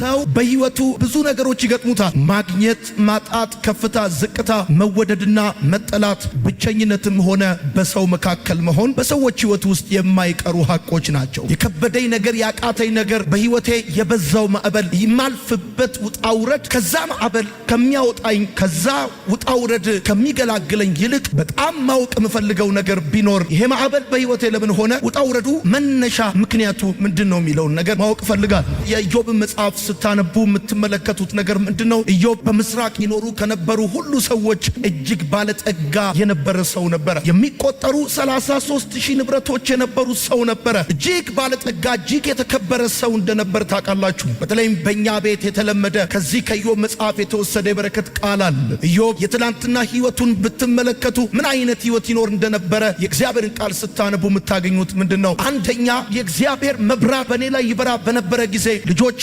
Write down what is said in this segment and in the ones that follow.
ሰው በህይወቱ ብዙ ነገሮች ይገጥሙታል። ማግኘት፣ ማጣት፣ ከፍታ፣ ዝቅታ፣ መወደድና መጠላት፣ ብቸኝነትም ሆነ በሰው መካከል መሆን በሰዎች ህይወት ውስጥ የማይቀሩ ሀቆች ናቸው። የከበደኝ ነገር፣ ያቃተኝ ነገር፣ በህይወቴ የበዛው ማዕበል፣ የማልፍበት ውጣውረድ ከዛ ማዕበል ከሚያወጣኝ ከዛ ውጣውረድ ከሚገላግለኝ ይልቅ በጣም ማወቅ የምፈልገው ነገር ቢኖር ይሄ ማዕበል በህይወቴ ለምን ሆነ፣ ውጣውረዱ መነሻ ምክንያቱ ምንድን ነው የሚለውን ነገር ማወቅ እፈልጋለሁ። የኢዮብን መጽሐፍ ስታነቡ የምትመለከቱት ነገር ምንድን ነው? ኢዮብ በምስራቅ ይኖሩ ከነበሩ ሁሉ ሰዎች እጅግ ባለጠጋ የነበረ ሰው ነበረ። የሚቆጠሩ 33 ሺህ ንብረቶች የነበሩ ሰው ነበረ። እጅግ ባለጠጋ እጅግ የተከበረ ሰው እንደነበር ታውቃላችሁ። በተለይም በእኛ ቤት የተለመደ ከዚህ ከኢዮብ መጽሐፍ የተወሰደ የበረከት ቃል አለ። ኢዮብ የትናንትና ህይወቱን ብትመለከቱ ምን አይነት ህይወት ይኖር እንደነበረ የእግዚአብሔርን ቃል ስታነቡ የምታገኙት ምንድን ነው? አንደኛ የእግዚአብሔር መብራ በእኔ ላይ ይበራ በነበረ ጊዜ ልጆቼ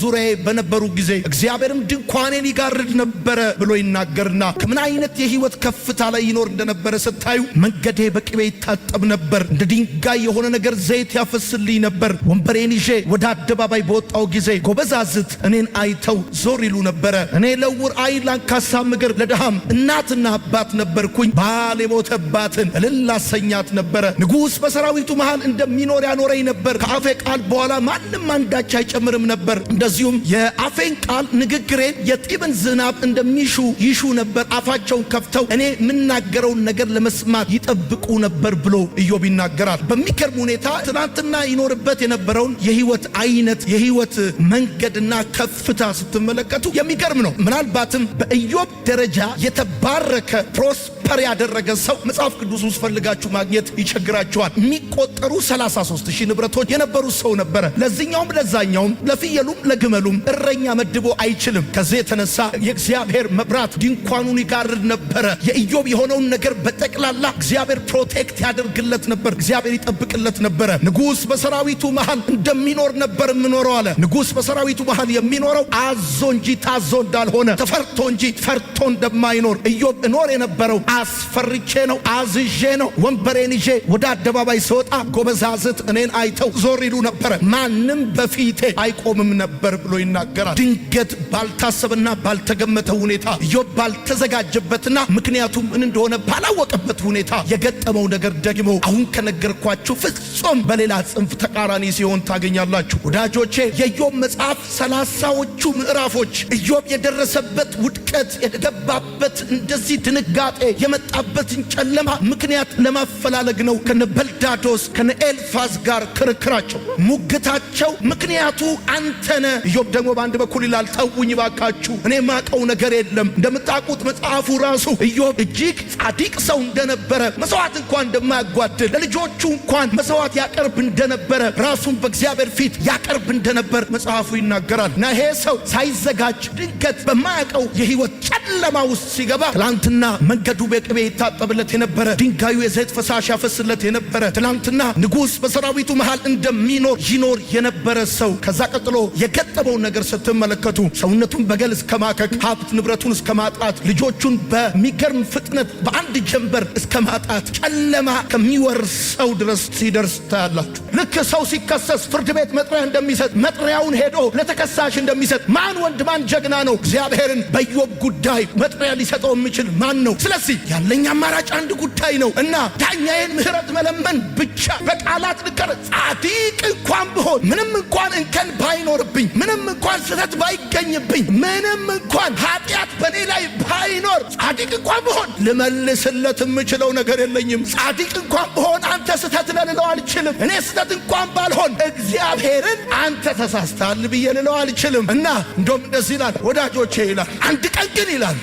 በዙሪያዬ በነበሩ ጊዜ እግዚአብሔርም ድንኳኔን ይጋርድ ነበረ ብሎ ይናገርና ከምን አይነት የህይወት ከፍታ ላይ ይኖር እንደነበረ ስታዩ መንገዴ በቅቤ ይታጠብ ነበር፣ እንደ ድንጋይ የሆነ ነገር ዘይት ያፈስልኝ ነበር። ወንበሬን ይዤ ወደ አደባባይ በወጣው ጊዜ ጎበዛዝት እኔን አይተው ዞር ይሉ ነበረ። እኔ ለውር አይን ላንካሳም እግር ለድሃም እናትና አባት ነበርኩኝ። ባል የሞተባትን እልል አሰኛት ነበረ። ንጉሥ በሰራዊቱ መሃል እንደሚኖር ያኖረኝ ነበር። ከአፌ ቃል በኋላ ማንም አንዳች አይጨምርም ነበር እንደ እንደዚሁም የአፌን ቃል ንግግሬን የጢብን ዝናብ እንደሚሹ ይሹ ነበር። አፋቸውን ከፍተው እኔ የምናገረውን ነገር ለመስማት ይጠብቁ ነበር ብሎ ኢዮብ ይናገራል። በሚገርም ሁኔታ ትናንትና ይኖርበት የነበረውን የህይወት አይነት የህይወት መንገድና ከፍታ ስትመለከቱ የሚገርም ነው። ምናልባትም በኢዮብ ደረጃ የተባረከ ፕሮስ ሪፐር ያደረገ ሰው መጽሐፍ ቅዱስ ውስጥ ፈልጋችሁ ማግኘት ይቸግራችኋል። የሚቆጠሩ 33 ሺህ ንብረቶች የነበሩት ሰው ነበረ። ለዚኛውም ለዛኛውም፣ ለፍየሉም ለግመሉም እረኛ መድቦ አይችልም። ከዚህ የተነሳ የእግዚአብሔር መብራት ድንኳኑን ይጋርድ ነበረ። የኢዮብ የሆነውን ነገር በጠቅላላ እግዚአብሔር ፕሮቴክት ያደርግለት ነበር። እግዚአብሔር ይጠብቅለት ነበረ። ንጉሥ በሰራዊቱ መሃል እንደሚኖር ነበር የምኖረው አለ። ንጉሥ በሰራዊቱ መሃል የሚኖረው አዞ እንጂ ታዞ እንዳልሆነ ተፈርቶ እንጂ ፈርቶ እንደማይኖር ኢዮብ እኖር የነበረው አስፈርቼ ነው፣ አዝዤ ነው። ወንበሬን ይዤ ወደ አደባባይ ስወጣ ጎበዛዝት እኔን አይተው ዞር ይሉ ነበረ። ማንም በፊቴ አይቆምም ነበር ብሎ ይናገራል። ድንገት ባልታሰበና ባልተገመተ ሁኔታ ኢዮብ ባልተዘጋጀበትና ምክንያቱም ምን እንደሆነ ባላወቀበት ሁኔታ የገጠመው ነገር ደግሞ አሁን ከነገርኳችሁ ፍጹም በሌላ ጽንፍ ተቃራኒ ሲሆን ታገኛላችሁ። ወዳጆቼ የኢዮብ መጽሐፍ ሰላሳዎቹ ምዕራፎች ኢዮብ የደረሰበት ውድቀት የገባ የመጣበት እንደዚህ ድንጋጤ የመጣበትን ጨለማ ምክንያት ለማፈላለግ ነው። ከነ በልዳዶስ ከነ ኤልፋዝ ጋር ክርክራቸው፣ ሙግታቸው ምክንያቱ አንተነ። ኢዮብ ደግሞ በአንድ በኩል ይላል ተውኝ ባካችሁ፣ እኔ ማቀው ነገር የለም። እንደምታውቁት መጽሐፉ ራሱ ኢዮብ እጅግ ጻዲቅ ሰው እንደነበረ መስዋዕት እንኳን እንደማያጓድል ለልጆቹ እንኳን መስዋዕት ያቀርብ እንደነበረ ራሱን በእግዚአብሔር ፊት ያቀርብ እንደነበር መጽሐፉ ይናገራል። እና ይሄ ሰው ሳይዘጋጅ ድንገት በማያቀው የህይወት ጨለማ ውስጥ ሲገባ ትላንትና መንገዱ በቅቤ ይታጠብለት የነበረ ድንጋዩ የዘይት ፈሳሽ ያፈስለት የነበረ ትላንትና ንጉሥ በሰራዊቱ መሃል እንደሚኖር ይኖር የነበረ ሰው ከዛ ቀጥሎ የገጠመውን ነገር ስትመለከቱ ሰውነቱን በገል እስከ ማከክ፣ ሀብት ንብረቱን እስከ ማጣት፣ ልጆቹን በሚገርም ፍጥነት በአንድ ጀንበር እስከ ማጣት ጨለማ ከሚወርሰው ድረስ ሲደርስ ታያላችሁ። ልክ ሰው ሲከሰስ ፍርድ ቤት መጥሪያ እንደሚሰጥ መጥሪያውን ሄዶ ለተከሳሽ እንደሚሰጥ ማን ወንድ ማን ጀግና ነው? እግዚአብሔርን በየወብ ጉዳይ መጥሪያ ሊሰጠው የሚችል ማን ነው? ስለዚህ ያለኝ አማራጭ አንድ ጉዳይ ነው እና ዳኛዬን ምህረት መለመን ብቻ በቃላት ልቀር ጻዲቅ እንኳን ብሆን ምንም እንኳን እንከን ባይኖርብኝ ምንም እንኳን ስህተት ባይገኝብኝ ምንም እንኳን ኃጢአት በእኔ ላይ ባይኖር ጻዲቅ እንኳን ብሆን ልመልስለት የምችለው ነገር የለኝም። ጻዲቅ እንኳን ብሆን አንተ ስህተት ለልለው አልችልም እኔ ስህተት እንኳን ባልሆን እግዚአብሔርን አንተ ተሳስታል ብዬ ልለው አልችልም። እና እንደውም እንደዚህ ይላል ወዳጆቼ ይላል አንድ ቀን ግን ይላል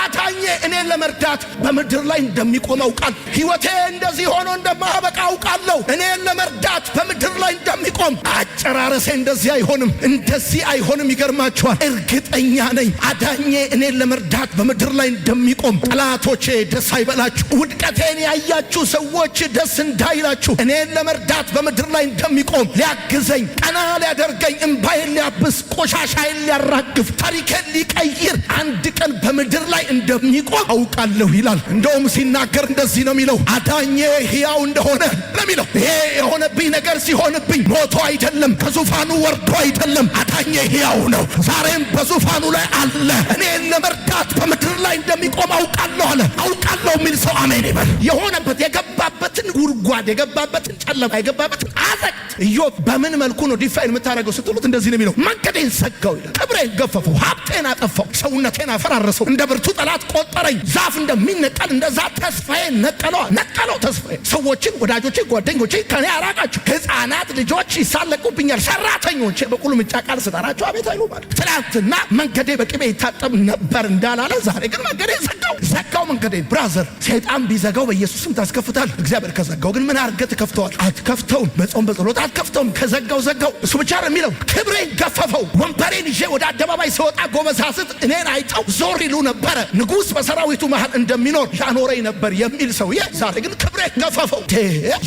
አታኜ እኔን ለመርዳት በምድር ላይ እንደሚቆም አውቃል። ሕይወቴ እንደዚህ ሆኖ እንደማበቃ አውቃለሁ። እኔን ለመርዳት በምድር ላይ እንደሚቆም አጨራረሴ እንደዚህ አይሆንም፣ እንደዚህ አይሆንም። ይገርማችኋል። እርግጠኛ ነኝ አዳኜ እኔን ለመርዳት በምድር ላይ እንደሚቆም። ጠላቶቼ ደስ አይበላችሁ፣ ውድቀቴን ያያችሁ ሰዎች ደስ እንዳይላችሁ እኔን ለመርዳት በምድር በእስር ላይ እንደሚቆም ሊያግዘኝ፣ ቀና ሊያደርገኝ፣ እምባይን ሊያብስ፣ ቆሻሻይን ሊያራግፍ፣ ታሪኬን ሊቀይር አንድ ቀን በምድር ላይ እንደሚቆም አውቃለሁ ይላል። እንደውም ሲናገር እንደዚህ ነው የሚለው አዳኜ ሕያው እንደሆነ ነው የሚለው። ይሄ የሆነብኝ ነገር ሲሆንብኝ ሞቶ አይደለም፣ ከዙፋኑ ወርዶ አይደለም። አዳኜ ሕያው ነው፣ ዛሬም በዙፋኑ ላይ አለ። እኔን ለመርዳት በምድር ላይ እንደሚቆም አውቃለሁ አለ። አውቃለሁ የሚል ሰው አሜን ይበል። የሆነበት የገባበትን ጉድጓድ የገባበትን ጨለማ የገባበትን አዘቅት ኢዮብ በምን መልኩ ነው ዲፋይን የምታደርገው ስትሉት እንደዚህ ነው የሚለው መንገዴን ሰጋው ይላል። ክብሬን ገፈፈው፣ ሀብቴን አጠፋው፣ ሰውነቴን አፈራረሰው፣ እንደ ብርቱ ጠላት ቆጠረኝ። ዛፍ እንደሚነቀል እንደዛ ተስፋዬን ነቀለዋ ነቀለው ተስፋዬ። ሰዎችን፣ ወዳጆቼ፣ ጓደኞቼ ከኔ አራቃቸው። ህፃናት ልጆች ይሳለቁብኛል። ሰራተኞቼ ምጫ ቃል ስጠራቸው አቤት አይሉ ማለት ትላንትና መንገዴ በቅቤ ይታጠብ ነበር እንዳላለ ዛሬ ግን መንገዴ ዘጋው ዘጋው መንገዴ። ብራዘር ሰይጣን ቢዘጋው በኢየሱስም ታስከፍታል። እግዚአብሔር ከዘጋው ግን ምን አርገ ትከፍተዋል? አትከፍተውም። በጾም በጸሎት አትከፍተውም። ከዘጋው ዘጋው። እሱ ብቻ ነው የሚለው። ክብሬን ገፈፈው። ወንበሬን ይዤ ወደ አደባባይ ስወጣ ጎበሳስት እኔን አይተው ዞር ይሉ ነበረ። ንጉሥ በሰራዊቱ መሃል እንደሚኖር ያኖረኝ ነበር የሚል ሰውዬ ዛሬ ግን ክብሬን ገፈፈው።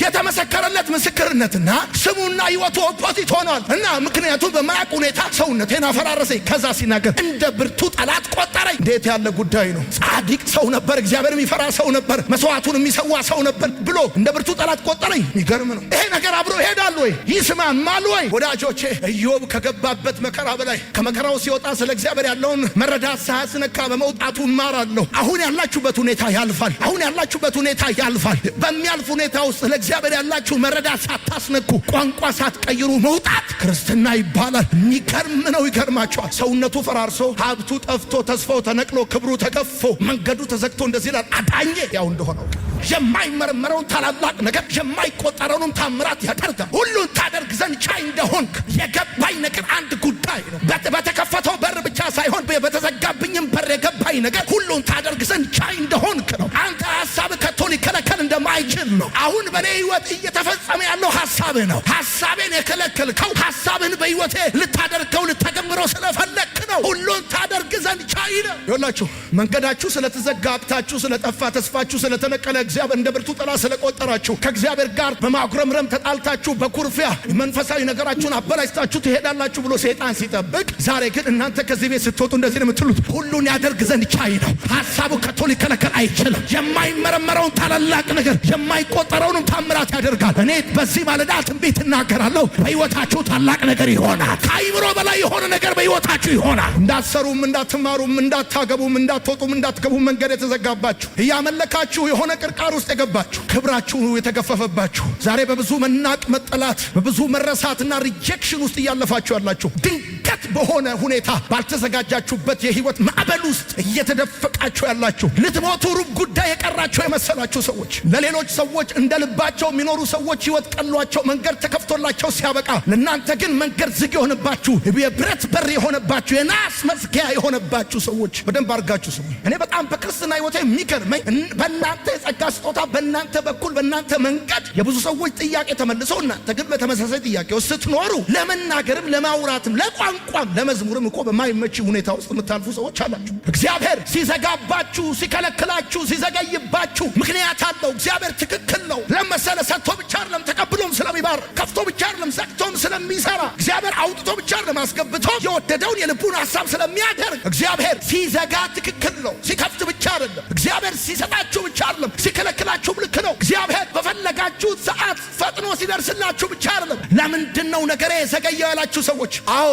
የተመሰከረለት ምስክርነትና ስሙና ህይወቱ ኦፖዚት ሆኗል እና ምክንያቱም በማያውቅ ሁኔታ ሰውነቴን አፈራረሰኝ። ከዛ ሲናገር እንደ ብርቱ ጠላት ቆጠረኝ። እንዴት ያለ ጉዳይ ነው! ጻድቅ ሰው ነበር፣ እግዚአብሔር የሚፈራ ሰው ነበር፣ መስዋዕቱን የሚሰዋ ሰው ነበር ብሎ እንደ ብርቱ ጠላት ቆጠረኝ። የሚገርም ነው ይሄ ነገር። አብሮ ይሄዳል ወይ? ይስማማል ወይ? ወዳጆቼ እዮብ ከገባበት መከራ በላይ ከመከራው ሲወጣ ስለ እግዚአብሔር ያለውን መረዳት ሳያስነካ በመውጣቱ እማራለሁ። አሁን ያላችሁበት ሁኔታ ያልፋል። አሁን ያላችሁበት ሁኔታ ያልፋል። በሚያልፍ ሁኔታ ውስጥ እግዚአብሔር ያላችሁ መረዳት ሳታስነኩ፣ ቋንቋ ሳትቀይሩ መውጣት ክርስትና ይባላል። የሚገርም ነው። ይገርማቸዋል። ሰውነቱ ፈራርሶ፣ ሀብቱ ጠፍቶ፣ ተስፋው ተነቅሎ፣ ክብሩ ተገፎ፣ መንገዱ ተዘግቶ እንደዚህ ይላል። አዳኘ ያው እንደሆነው የማይመረመረውን ታላላቅ ነገር የማይቆጠረውንም ታምራት ያደርጋል። ሁሉን ታደርግ ዘንድ ቻይ እንደሆንክ የገባኝ ነገር አንድ ጉዳይ ነው። በተከፈተው በር ሳይሆን በተዘጋብኝም በር የገባኝ ነገር ሁሉን ታደርግ ዘንድ ቻይ እንደሆንክ ነው። አንተ ሀሳብ ከቶ ሊከለከል እንደማይችል ነው። አሁን በእኔ ህይወት እየተፈጸመ ያለው ሀሳብ ነው። ሀሳቤን የከለከልከው ሀሳብን በህይወቴ ልታደርገው ልተገብረው ስለፈለግክ ነው። ሁሉን ታደርግ ዘንድ ቻይ ነው። ይኸውላችሁ መንገዳችሁ ስለተዘጋ፣ ሀብታችሁ ስለጠፋ፣ ተስፋችሁ ስለተነቀለ፣ እግዚአብሔር እንደ ብርቱ ጠላ ስለቆጠራችሁ፣ ከእግዚአብሔር ጋር በማጉረምረም ተጣልታችሁ፣ በኩርፊያ መንፈሳዊ ነገራችሁን አበላሽታችሁ ትሄዳላችሁ ብሎ ሰይጣን ሲጠብቅ ዛሬ ግን እናንተ ከዚህ ቤት ከቤት ስትወጡ እንደዚህ ነው የምትሉት። ሁሉን ያደርግ ዘንድ ቻይ ነው። ሀሳቡ ከቶ ሊከለከል አይችልም። የማይመረመረውን ታላላቅ ነገር የማይቆጠረውንም ታምራት ያደርጋል። እኔ በዚህ ማለዳ ትንቢት እናገራለሁ። በሕይወታችሁ ታላቅ ነገር ይሆናል። ከአይምሮ በላይ የሆነ ነገር በሕይወታችሁ ይሆናል። እንዳትሰሩም፣ እንዳትማሩም፣ እንዳታገቡም፣ እንዳትወጡም፣ እንዳትገቡም መንገድ የተዘጋባችሁ እያመለካችሁ የሆነ ቅርቃር ውስጥ የገባችሁ ክብራችሁ የተገፈፈባችሁ ዛሬ በብዙ መናቅ መጠላት፣ በብዙ መረሳትና ሪጀክሽን ውስጥ እያለፋችሁ ያላችሁ ድንገት በሆነ ሁኔታ ባልተዘ ባዘጋጃችሁበት የህይወት ማዕበል ውስጥ እየተደፈቃችሁ ያላችሁ ልትሞቱ ሩብ ጉዳይ የቀራችሁ የመሰላችሁ ሰዎች፣ ለሌሎች ሰዎች እንደ ልባቸው የሚኖሩ ሰዎች ህይወት ቀሏቸው መንገድ ተከፍቶላቸው ሲያበቃ፣ ለእናንተ ግን መንገድ ዝግ የሆነባችሁ የብረት በር የሆነባችሁ የናስ መዝጊያ የሆነባችሁ ሰዎች በደንብ አድርጋችሁ ሰ እኔ በጣም በክርስትና ህይወቴ የሚገርመኝ በእናንተ የጸጋ ስጦታ በእናንተ በኩል በእናንተ መንገድ የብዙ ሰዎች ጥያቄ ተመልሶ እናንተ ግን በተመሳሳይ ጥያቄ ስትኖሩ ለመናገርም ለማውራትም ለቋንቋም ለመዝሙርም እኮ በማይመች ሁኔታ ውስጥ የምታልፉ ሰዎች አላችሁ። እግዚአብሔር ሲዘጋባችሁ፣ ሲከለክላችሁ፣ ሲዘገይባችሁ ምክንያት አለው። እግዚአብሔር ትክክል ነው። ለመሰለ ሰጥቶ ብቻ አይደለም ተቀብሎም ስለሚባር ከፍቶ ብቻ አይደለም ዘግቶም ስለሚሰራ እግዚአብሔር አውጥቶ ብቻ አይደለም አስገብቶ የወደደውን የልቡን ሀሳብ ስለሚያደርግ እግዚአብሔር ሲዘጋ ትክክል ነው። ሲከፍት ብቻ አይደለም። እግዚአብሔር ሲሰጣችሁ ብቻ አይደለም፣ ሲከለክላችሁም ልክ ነው። እግዚአብሔር በፈለጋችሁት ሰዓት ፈጥኖ ሲደርስላችሁ ብቻ አይደለም። ለምንድን ነው ነገሬ የዘገየው ያላችሁ ሰዎች፣ አዎ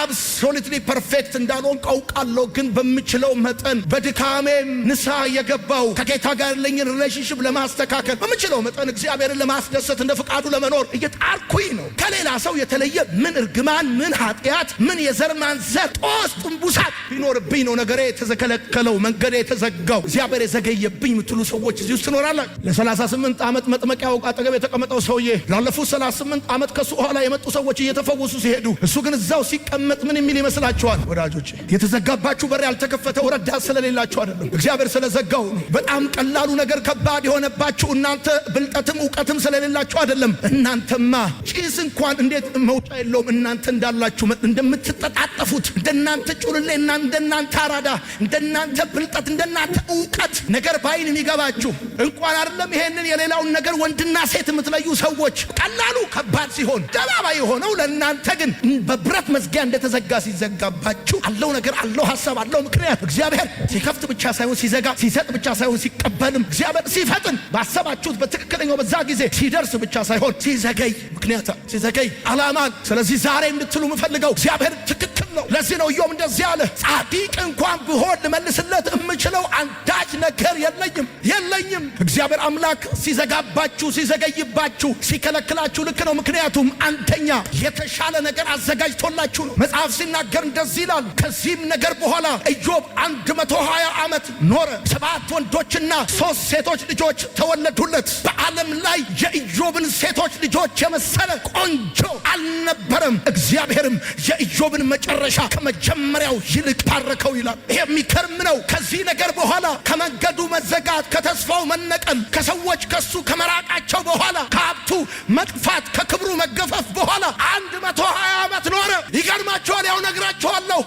አብሶሉትሊ ፐርፌክት እንዳልሆን ቀውቃለሁ ግን በምችለው መጠን በድካሜም ንሳ የገባው ከጌታ ጋር ያለኝን ሪሌሽንሽፕ ለማስተካከል በምችለው መጠን እግዚአብሔርን ለማስደሰት እንደ ፍቃዱ ለመኖር እየጣርኩኝ ነው። ከሌላ ሰው የተለየ ምን እርግማን፣ ምን ኃጢአት፣ ምን የዘር ማንዘር ጦስ፣ ጥንቡሳት ቢኖርብኝ ነው ነገሬ የተዘከለከለው መንገዴ የተዘጋው እግዚአብሔር የዘገየብኝ የምትሉ ሰዎች እዚህ ውስጥ ትኖራላችሁ። ለ38 ዓመት መጥመቂያ አጠገብ የተቀመጠው ሰውዬ ላለፉት 38 ዓመት ከሱ በኋላ የመጡ ሰዎች እየተፈወሱ ሲሄዱ እሱ ግን እዛው ሲቀመጥ ምን የሚል ይመስላችኋል? ወዳጆች የተዘጋባችሁ በር ያልተከፈተ ወረዳ ስለሌላችሁ አይደለም፣ እግዚአብሔር ስለዘጋው በጣም ቀላሉ ነገር ከባድ የሆነባችሁ እናንተ ብልጠትም እውቀትም ስለሌላችሁ አይደለም። እናንተማ ጭስ እንኳን እንዴት መውጫ የለውም። እናንተ እንዳላችሁ እንደምትጠጣጠፉት፣ እንደናንተ ጩልሌ፣ እንደናንተ አራዳ፣ እንደናንተ ብልጠት፣ እንደናንተ እውቀት ነገር ባይን የሚገባችሁ እንኳን አይደለም ይሄንን የሌላውን ነገር ወንድና ሴት የምትለዩ ሰዎች ቀላሉ ከባድ ሲሆን ደባባይ የሆነው ለእናንተ ግን በብረት መዝጊያ እንደተዘጋ ሲዘጋባችሁ አለው ነገር አለው ሀሳብ አለው ምክንያት እግዚአብሔር ሲከፍት ብቻ ሳይሆን ሲዘጋ ሲሰጥ ብቻ ሳይሆን ሲቀበልም እግዚአብሔር ሲፈጥን ባሰባችሁት በትክክለኛው በዛ ጊዜ ሲደርስ ብቻ ሳይሆን ሲዘገይ ምክንያት ሲዘገይ አላማን ስለዚህ ዛሬ እንድትሉ የምፈልገው እግዚአብሔር ትክክል ለዚህ ነው ኢዮብ እንደዚህ አለ፣ ጻዲቅ እንኳን ብሆን ልመልስለት የምችለው አንዳች ነገር የለኝም የለኝም። እግዚአብሔር አምላክ ሲዘጋባችሁ፣ ሲዘገይባችሁ፣ ሲከለክላችሁ ልክ ነው። ምክንያቱም አንደኛ የተሻለ ነገር አዘጋጅቶላችሁ ነው። መጽሐፍ ሲናገር እንደዚህ ይላል፣ ከዚህም ነገር በኋላ ኢዮብ አንድ መቶ ሀያ ዓመት ኖረ። ሰባት ወንዶችና ሶስት ሴቶች ልጆች ተወለዱለት። በዓለም ላይ የኢዮብን ሴቶች ልጆች የመሰለ ቆንጆ አልነበረም። እግዚአብሔርም የኢዮብን መጨረ መጨረሻ ከመጀመሪያው ይልቅ ባረከው ይላል። ይሄ የሚከርም ነው። ከዚህ ነገር በኋላ ከመንገዱ መዘጋት፣ ከተስፋው መነቀል፣ ከሰዎች ከሱ ከመራቃቸው በኋላ ከሀብቱ መጥፋት፣ ከክብሩ መገፈፍ በኋላ አንድ መቶ ሀያ ዓመት ኖረ። ይገርማችኋል። ያው ነግራችኋለሁ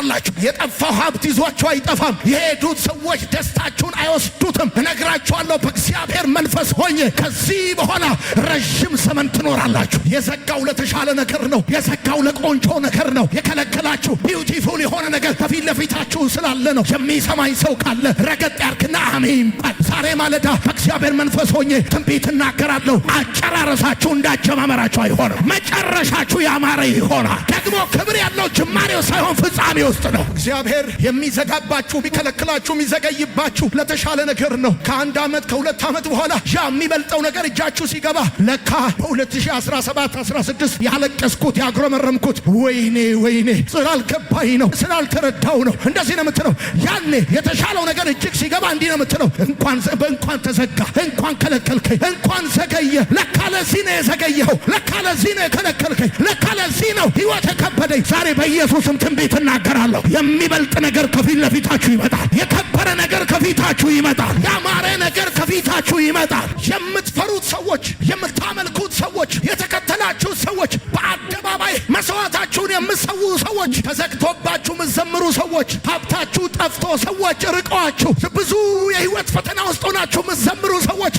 ትኖራላችሁ። የጠፋው ሀብት ይዟችሁ አይጠፋም። የሄዱት ሰዎች ደስታችሁን አይወስዱትም። እነግራችኋለሁ በእግዚአብሔር መንፈስ ሆኜ ከዚህ በኋላ ረዥም ዘመን ትኖራላችሁ። የዘጋው ለተሻለ ነገር ነው። የዘጋው ለቆንጆ ነገር ነው። የከለከላችሁ ቢዩቲፉል የሆነ ነገር ከፊት ለፊታችሁ ስላለ ነው። የሚሰማኝ ሰው ካለ ረገጥ ያርክና አሜን በል። ዛሬ ማለዳ በእግዚአብሔር መንፈስ ሆኜ ትንቢት እናገራለሁ። አጨራረሳችሁ እንዳጀማመራችሁ አይሆንም። መጨረሻችሁ ያማረ ይሆናል። ደግሞ ክብር ያለው ጅማሬው ሳይሆን ፍጻሜው ውስጥ ነው። እግዚአብሔር የሚዘጋባችሁ የሚከለክላችሁ፣ የሚዘገይባችሁ ለተሻለ ነገር ነው። ከአንድ ዓመት ከሁለት ዓመት በኋላ ያ የሚበልጠው ነገር እጃችሁ ሲገባ ለካ በ2017 16 ያለቀስኩት ያጉረመረምኩት ወይኔ ወይኔ ስላልገባኝ ነው ስላልተረዳው ነው። እንደዚህ ነው የምትለው። ያኔ የተሻለው ነገር እጅግ ሲገባ እንዲህ ነው የምትለው፣ እንኳን በእንኳን ተዘጋ፣ እንኳን ከለከልከኝ፣ እንኳን ዘገየ። ለካ ለዚህ ነው የዘገየኸው፣ ለካ ለዚህ ነው የከለከልከኝ፣ ለካ ለዚህ ነው ህይወት የከበደኝ። ዛሬ በኢየሱስም ትንቢት እናገር እናገራለሁ። የሚበልጥ ነገር ከፊት ለፊታችሁ ይመጣል። የከበረ ነገር ከፊታችሁ ይመጣል። ያማረ ነገር ከፊታችሁ ይመጣል። የምትፈሩት ሰዎች፣ የምታመልኩት ሰዎች፣ የተከተላችሁት ሰዎች፣ በአደባባይ መስዋዕታችሁን የምትሰዉ ሰዎች፣ ተዘግቶባችሁ የምትዘምሩ ሰዎች፣ ሀብታችሁ ጠፍቶ ሰዎች ርቀዋችሁ ብዙ የህይወት ፈተና ውስጥ ሆናችሁ የምትዘምሩ ሰዎች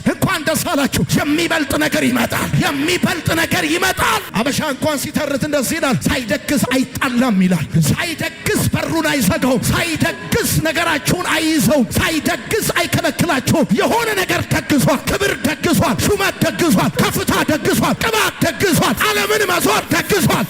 ደስ አላችሁ። የሚበልጥ ነገር ይመጣል። የሚበልጥ ነገር ይመጣል። አበሻ እንኳን ሲተርት እንደዚህ ይላል፣ ሳይደግስ አይጣላም ይላል። ሳይደግስ በሩን አይዘጋውም። ሳይደግስ ነገራችሁን አይይዘው። ሳይደግስ አይከለክላችሁም። የሆነ ነገር ደግሷል። ክብር ደግሷል። ሹመት ደግሷል። ከፍታ ደግሷል። ቅባት ደግሷል። ዓለምን መዞር ደግሷል።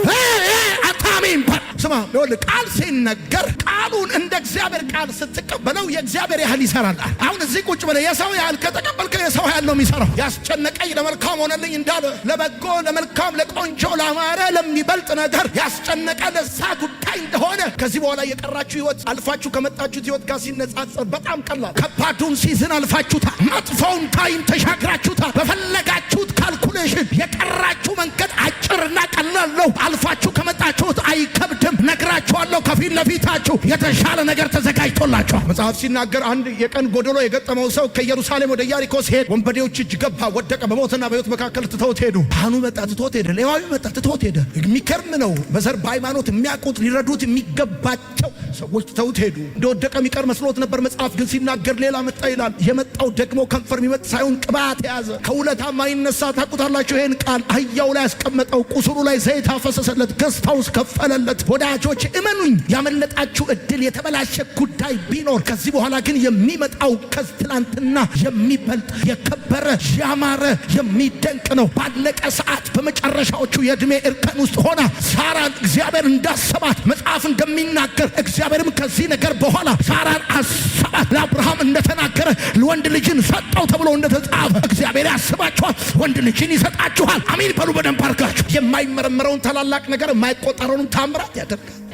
አታሚን ስማ ይኸውልህ ቃል ሲነገር ቃሉን እንደ እግዚአብሔር ቃል ስትቀበለው የእግዚአብሔር ያህል ይሰራል። አሁን እዚህ ቁጭ ብለህ የሰው ያህል ከተቀበልከው የሰው ያህል ነው የሚሰራው። ያስጨነቀኝ ለመልካም ሆነልኝ እንዳለ ለበጎ ለመልካም፣ ለቆንጆ፣ ላማረ ለሚበልጥ ነገር ያስጨነቀ ለዛ ጉዳይ እንደሆነ ከዚህ በኋላ የቀራችሁ ህይወት አልፋችሁ ከመጣችሁት ህይወት ጋር ሲነጻጸር በጣም ቀላል። ከባዱን ሲዝን አልፋችሁታል። መጥፎውን ታይም ተሻግራችሁታል። በፈለጋችሁት ካልኩሌሽን የቀራችሁ መንገድ አጭርና ቀላል ነው። አልፋችሁ ከመጣችሁት አይከብድም። ነግራችኋለሁ፣ ከፊት ለፊታችሁ የተሻለ ነገር ተዘጋጅቶላችኋል። መጽሐፍ ሲናገር አንድ የቀን ጎደሎ የገጠመው ሰው ከኢየሩሳሌም ወደ ኢያሪኮ ሲሄድ ወንበዴዎች እጅ ገባ፣ ወደቀ፣ በሞትና በሕይወት መካከል ትተውት ሄዱ። ካህኑ መጣ፣ ትቶት ሄደ። ሌዋዊ መጣ፣ ትቶት ሄደ። የሚከርም ነው። በዘር በሃይማኖት የሚያውቁት ሊረዱት የሚገባቸው ሰዎች ትተውት ሄዱ። እንደወደቀ የሚቀር መስሎት ነበር። መጽሐፍ ግን ሲናገር ሌላ መጣ ይላል። የመጣው ደግሞ ከንፈር የሚመጥ ሳይሆን ቅባት የያዘ ከውለታ ማይነሳ ታውቁታላችሁ። ይሄን ቃል አህያው ላይ ያስቀመጠው፣ ቁስሉ ላይ ዘይት አፈሰሰለት፣ ገዝታውስ ከፈለለት ወዳጆች እመኑኝ፣ ያመለጣችሁ እድል የተበላሸ ጉዳይ ቢኖር ከዚህ በኋላ ግን የሚመጣው ከዝ ትላንትና የሚበልጥ የከበረ ያማረ የሚደንቅ ነው። ባለቀ ሰዓት በመጨረሻዎቹ የእድሜ እርከን ውስጥ ሆና ሳራን እግዚአብሔር እንዳሰባት መጽሐፍ እንደሚናገር እግዚአብሔርም ከዚህ ነገር በኋላ ሳራን አሰባት ለአብርሃም እንደተናገረ ወንድ ልጅን ሰጠው ተብሎ እንደተጻፈ እግዚአብሔር ያስባችኋል። ወንድ ልጅን ይሰጣችኋል። አሚን በሉ በደንብ አርጋችሁ የማይመረመረውን ታላላቅ ነገር የማይቆጠረውንም ታምራት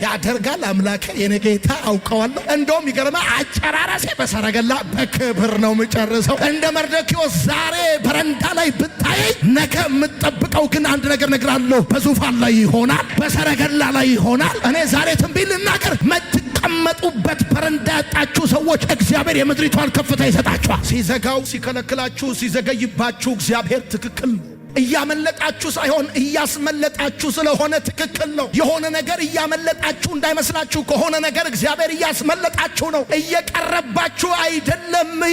ያደርጋል አምላኬ የኔ ጌታ አውቀዋለሁ። እንደውም ይገርማ አጨራረሴ በሰረገላ በክብር ነው የምጨርሰው። እንደ መርዶክዮስ ዛሬ በረንዳ ላይ ብታይ ነገ የምጠብቀው ግን አንድ ነገር ነግራለሁ። በዙፋን ላይ ይሆናል፣ በሰረገላ ላይ ይሆናል። እኔ ዛሬ ትንቢት ልናገር መጡበት በረንዳ ያጣችሁ ሰዎች እግዚአብሔር የምድሪቷን ከፍታ ይሰጣችኋል። ሲዘጋው፣ ሲከለክላችሁ፣ ሲዘገይባችሁ እግዚአብሔር ትክክል እያመለጣችሁ ሳይሆን እያስመለጣችሁ ስለሆነ ትክክል ነው። የሆነ ነገር እያመለጣችሁ እንዳይመስላችሁ። ከሆነ ነገር እግዚአብሔር እያስመለጣችሁ ነው። እየቀረባችሁ አይደለም።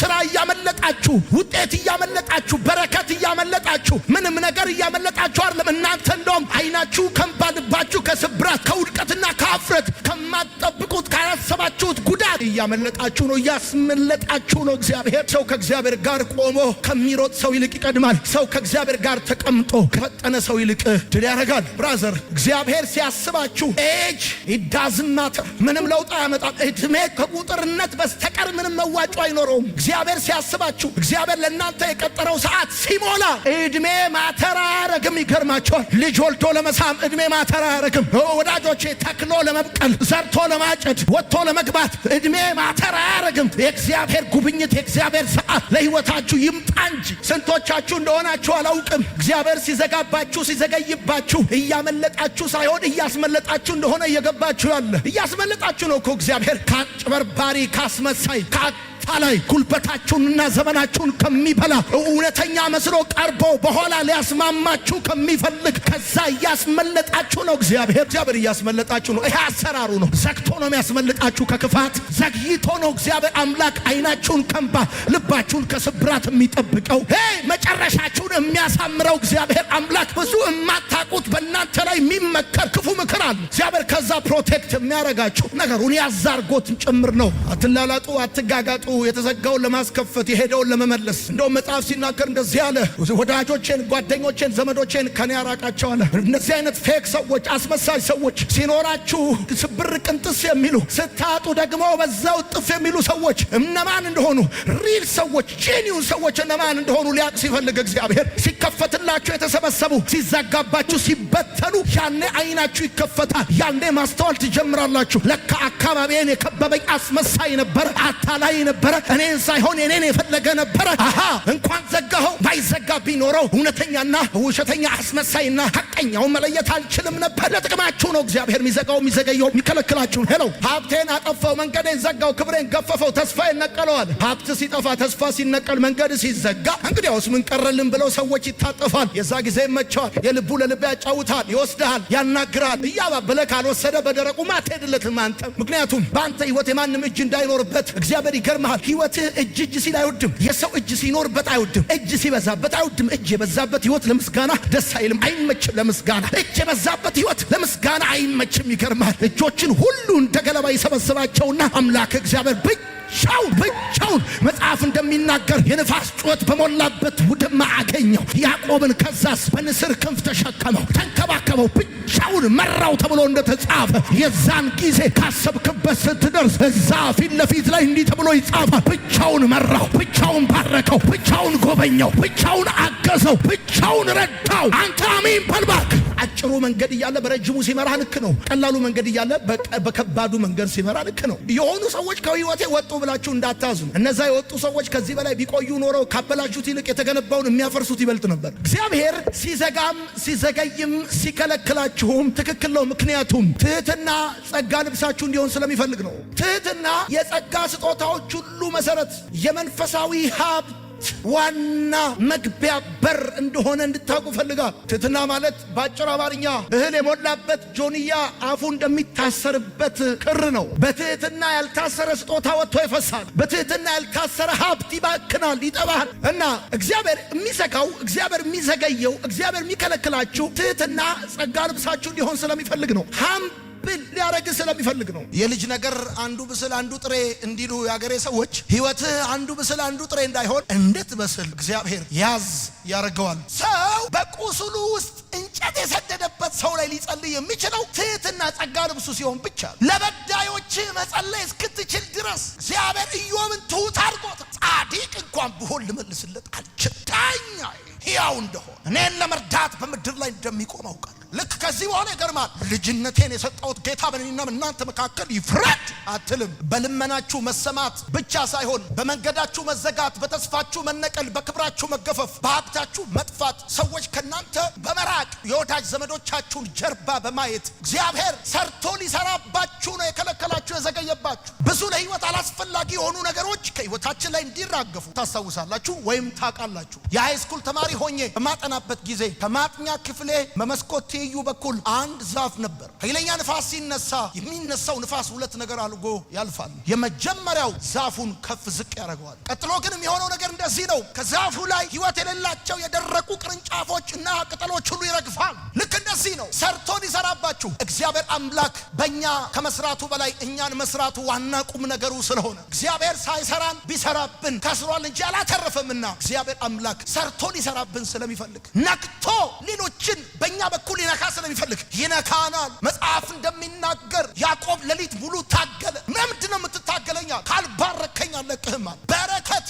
ስራ እያመለጣችሁ፣ ውጤት እያመለጣችሁ፣ በረከት እያመለጣችሁ፣ ምንም ነገር እያመለጣችሁ አይደለም። እናንተ እንደውም አይናችሁ ከምባልባችሁ ከስብራት ከውድቀትና ከአፍረት ከማጠብቁት ካላሰባችሁት ጉዳት እያመለጣችሁ ነው። እያስመለጣችሁ ነው። እግዚአብሔር ሰው ከእግዚአብሔር ጋር ቆሞ ከሚሮጥ ሰው ይልቅ ይቀድማል። ሰው ከእግዚአብሔር ጋር ተቀምጦ ከፈጠነ ሰው ይልቅ ድል ያደርጋል። ብራዘር፣ እግዚአብሔር ሲያስባችሁ ኤጅ ይዳዝናት ምንም ለውጥ አያመጣም። እድሜ ከቁጥርነት በስተቀር ምንም መዋጮ አይኖረውም። እግዚአብሔር ሲያስባችሁ፣ እግዚአብሔር ለእናንተ የቀጠረው ሰዓት ሲሞላ እድሜ ማተራ አያረግም። ይገርማቸዋል። ልጅ ወልዶ ለመሳም እድሜ ማተራ አያረግም። ወዳጆቼ፣ ተክሎ ለመብቀል፣ ዘርቶ ለማጨድ፣ ወጥቶ ለመግባት እድሜ ማተራ አያረግም። የእግዚአብሔር ጉብኝት፣ የእግዚአብሔር ሰዓት ለህይወታችሁ ይምጣ እንጂ ስንቶች እየተመቻችሁ እንደሆናችሁ አላውቅም። እግዚአብሔር ሲዘጋባችሁ ሲዘገይባችሁ እያመለጣችሁ ሳይሆን እያስመለጣችሁ እንደሆነ እየገባችሁ ያለ እያስመለጣችሁ ነው እኮ እግዚአብሔር ከአጭበርባሪ ካስመሳይ ቦታ ላይ ጉልበታችሁንና ዘመናችሁን ከሚበላ እውነተኛ መስሎ ቀርቦ በኋላ ሊያስማማችሁ ከሚፈልግ ከዛ እያስመለጣችሁ ነው። እግዚአብሔር እግዚአብሔር እያስመለጣችሁ ነው። ይሄ አሰራሩ ነው። ዘግቶ ነው የሚያስመልጣችሁ ከክፋት ዘግይቶ ነው እግዚአብሔር አምላክ አይናችሁን ከንባ ልባችሁን ከስብራት የሚጠብቀው መጨረሻችሁን የሚያሳምረው እግዚአብሔር አምላክ ብዙ የማታቁት በእናንተ ላይ የሚመከር ክፉ ምክር አለ። እግዚአብሔር ከዛ ፕሮቴክት የሚያደርጋችሁ ነገሩን ያዛርጎት ጭምር ነው። አትላላጡ፣ አትጋጋጡ የተዘጋውን ለማስከፈት የሄደውን ለመመለስ። እንደውም መጽሐፍ ሲናገር እንደዚህ አለ፣ ወዳጆቼን፣ ጓደኞቼን፣ ዘመዶቼን ከኔ ያራቃቸው አለ። እነዚህ አይነት ፌክ ሰዎች፣ አስመሳይ ሰዎች ሲኖራችሁ ስብር ቅንጥስ የሚሉ ስታጡ ደግሞ በዛው ጥፍ የሚሉ ሰዎች እነማን እንደሆኑ ሪል ሰዎች፣ ጄኒውን ሰዎች እነማን እንደሆኑ ሊያቅ ሲፈልግ እግዚአብሔር ሲከፈትላችሁ የተሰበሰቡ ሲዘጋባችሁ ሲበተኑ ያኔ አይናችሁ ይከፈታል። ያኔ ማስተዋል ትጀምራላችሁ። ለካ አካባቢን የከበበኝ አስመሳይ ነበር፣ አታላይ ነበር ነበረ። እኔን ሳይሆን የኔን የፈለገ ነበረ። አሃ እንኳን ዘጋኸው። ባይዘጋ ቢኖረው እውነተኛና ውሸተኛ አስመሳይና ሀቀኛውን መለየት አልችልም ነበር። ለጥቅማችሁ ነው እግዚአብሔር የሚዘጋው የሚዘገየው የሚከለክላችሁን። ሄለው ሀብቴን አጠፋው፣ መንገዴን ዘጋው፣ ክብሬን ገፈፈው፣ ተስፋ ይነቀለዋል። ሀብት ሲጠፋ፣ ተስፋ ሲነቀል፣ መንገድ ሲዘጋ እንግዲያውስ ምን ቀረልን ብለው ሰዎች ይታጠፋል። የዛ ጊዜ ይመቸዋል። የልቡ ለልብ ያጫውታል፣ ይወስድሃል፣ ያናግራል። እያባበለ ካልወሰደ በደረቁ ማትሄድለትም አንተ። ምክንያቱም በአንተ ህይወት የማንም እጅ እንዳይኖርበት እግዚአብሔር ይገርምሃል። ህይወት ህይወትህ እጅ እጅ ሲል አይወድም። የሰው እጅ ሲኖርበት አይወድም። እጅ ሲበዛበት አይወድም። እጅ የበዛበት ህይወት ለምስጋና ደስ አይልም፣ አይመችም። ለምስጋና እጅ የበዛበት ህይወት ለምስጋና አይመችም። ይገርማል። እጆችን ሁሉ እንደ ገለባ ይሰበስባቸውና አምላክ እግዚአብሔር ብቻው ብቻውን መጽሐፍ እንደሚናገር የንፋስ ጩኸት በሞላበት ውድማ አገኘው። ያዕቆብን ከዛስ በንስር ክንፍ ተሸከመው፣ ተንከባከበው፣ ብቻውን መራው ተብሎ እንደተጻፈ የዛን ጊዜ ካሰብክበት ስትደርስ እዛ ፊት ለፊት ላይ እንዲህ ተብሎ ይጻፋል። ብቻውን መራው፣ ብቻውን ባረከው፣ ብቻውን ጎበኘው፣ ብቻውን አገዘው፣ ብቻውን ረዳው። አንተ አሜን በልባክ አጭሩ መንገድ እያለ በረጅሙ ሲመራ ልክ ነው። ቀላሉ መንገድ እያለ በከባዱ መንገድ ሲመራ ልክ ነው። የሆኑ ሰዎች ከህይወቴ ወጡ ብላችሁ እንዳታዝኑ። እነዛ የወጡ ሰዎች ከዚህ በላይ ቢቆዩ ኖረው ካበላሹት ይልቅ የተገነባውን የሚያፈርሱት ይበልጥ ነበር። እግዚአብሔር ሲዘጋም ሲዘገይም ሲከለክላችሁም ትክክል ነው። ምክንያቱም ትህትና ጸጋ ልብሳችሁ እንዲሆን ስለሚፈልግ ነው። ትህትና የጸጋ ስጦታዎች ሁሉ መሰረት የመንፈሳዊ ሀብት ህይወት ዋና መግቢያ በር እንደሆነ እንድታውቁ ፈልጋል። ትህትና ማለት በአጭር አማርኛ እህል የሞላበት ጆንያ አፉ እንደሚታሰርበት ክር ነው። በትህትና ያልታሰረ ስጦታ ወጥቶ ይፈሳል። በትህትና ያልታሰረ ሀብት ይባክናል፣ ይጠባል እና እግዚአብሔር የሚዘጋው እግዚአብሔር የሚዘገየው እግዚአብሔር የሚከለክላችሁ ትህትና ጸጋ ልብሳችሁ እንዲሆን ስለሚፈልግ ነው። ልብን ሊያረግ ስለሚፈልግ ነው። የልጅ ነገር አንዱ ብስል አንዱ ጥሬ እንዲሉ የአገሬ ሰዎች ህይወትህ አንዱ ብስል አንዱ ጥሬ እንዳይሆን እንዴት በስል እግዚአብሔር ያዝ ያደርገዋል። ሰው በቁስሉ ውስጥ እንጨት የሰደደበት ሰው ላይ ሊጸልይ የሚችለው ትህትና ጸጋ ልብሱ ሲሆን ብቻ ለበዳዮች መጸለይ እስክትችል ድረስ እግዚአብሔር ኢዮብን ትሁት አድርጎት ጻዲቅ እንኳን ብሆን ልመልስለት አልችል ዳኛ ሕያው እንደሆነ እኔን ለመርዳት በምድር ላይ እንደሚቆም አውቃለሁ። ልክ ከዚህ በኋላ ይገርማል። ልጅነቴን የሰጠሁት ጌታ በእኔና በእናንተ መካከል ይፍረድ አትልም። በልመናችሁ መሰማት ብቻ ሳይሆን በመንገዳችሁ መዘጋት፣ በተስፋችሁ መነቀል፣ በክብራችሁ መገፈፍ፣ በሀብታችሁ መጥፋት፣ ሰዎች ከእናንተ በመራቅ የወዳጅ ዘመዶቻችሁን ጀርባ በማየት እግዚአብሔር ሰርቶ ሊሰራባችሁ ነው የከለከላችሁ የዘገየባችሁ ብዙ ለህይወት አላስፈላጊ የሆኑ ነገሮች ከህይወታችን ላይ እንዲራገፉ ታስታውሳላችሁ ወይም ታውቃላችሁ። የሃይስኩል ተማሪ ሆኜ በማጠናበት ጊዜ ከማጥኛ ክፍሌ መመስኮቴ በትይዩ በኩል አንድ ዛፍ ነበር። ኃይለኛ ንፋስ ሲነሳ የሚነሳው ንፋስ ሁለት ነገር አልጎ ያልፋል። የመጀመሪያው ዛፉን ከፍ ዝቅ ያደርገዋል። ቀጥሎ ግን የሚሆነው ነገር እንደዚህ ነው። ከዛፉ ላይ ሕይወት የሌላቸው የደረቁ ቅርንጫፎች እና ቅጠሎች ሁሉ ይረግፋል። ልክ እንደዚህ ነው። ሰርቶን ይሰራባችሁ። እግዚአብሔር አምላክ በእኛ ከመስራቱ በላይ እኛን መስራቱ ዋና ቁም ነገሩ ስለሆነ እግዚአብሔር ሳይሰራን ቢሰራብን ከስሯል እንጂ አላተረፈምና እግዚአብሔር አምላክ ሰርቶን ይሰራብን ስለሚፈልግ ነቅቶ ሌሎችን በእኛ በኩል እንዲነካ ስለሚፈልግ ይነካናል። መጽሐፍ እንደሚናገር ያዕቆብ ሌሊት ሙሉ ታገለ። ለምንድን ነው የምትታገለኛ? ካልባረከኝ አለቅህም። በረከት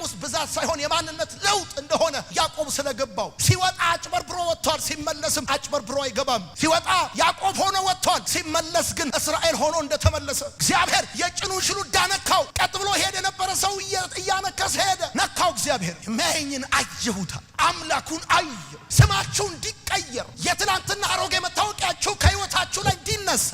የቁስ ብዛት ሳይሆን የማንነት ለውጥ እንደሆነ ያዕቆብ ስለገባው ሲወጣ አጭበርብሮ ወጥቷል፣ ሲመለስም አጭበርብሮ አይገባም። ሲወጣ ያዕቆብ ሆኖ ወጥቷል፣ ሲመለስ ግን እስራኤል ሆኖ እንደተመለሰ እግዚአብሔር የጭኑን ሽሉዳ ነካው። ቀጥ ብሎ ሄደ የነበረ ሰው እያነከሰ ሄደ፣ ነካው እግዚአብሔር። መሄኝን አየሁታል፣ አምላኩን አየሁ። ስማችሁ እንዲቀየር የትናንትና አሮጌ መታወቂያችሁ ከሕይወታችሁ ላይ እንዲነሳ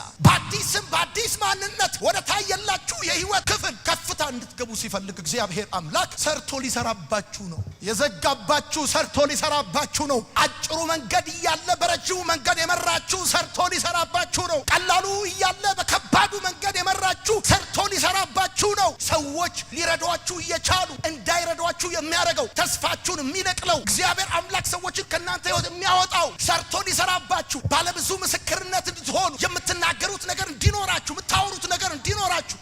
በአዲስ በአዲስ ማንነት ወደ ታየላችሁ የህይወት ክፍል ከፍታ እንድትገቡ ሲፈልግ እግዚአብሔር አምላክ ሰርቶ ሊሰራባችሁ ነው። የዘጋባችሁ ሰርቶ ሊሰራባችሁ ነው። አጭሩ መንገድ እያለ በረጅሙ መንገድ የመራችሁ ሰርቶ ሊሰራባችሁ ነው። ቀላሉ እያለ በከባዱ መንገድ የመራችሁ ሰርቶ ሊሰራባችሁ ነው። ሰዎች ሊረዷችሁ እየቻሉ እንዳይረዷችሁ የሚያደርገው ተስፋችሁን የሚነቅለው እግዚአብሔር አምላክ ሰዎችን ከእናንተ ህይወት የሚያወጣው ሰርቶ ሊሰራባችሁ ባለብዙ ምስክርነት እንድትሆኑ የምትናገሩት ነገር ነገር እንዲኖራችሁ፣ የምታወሩት ነገር እንዲኖራችሁ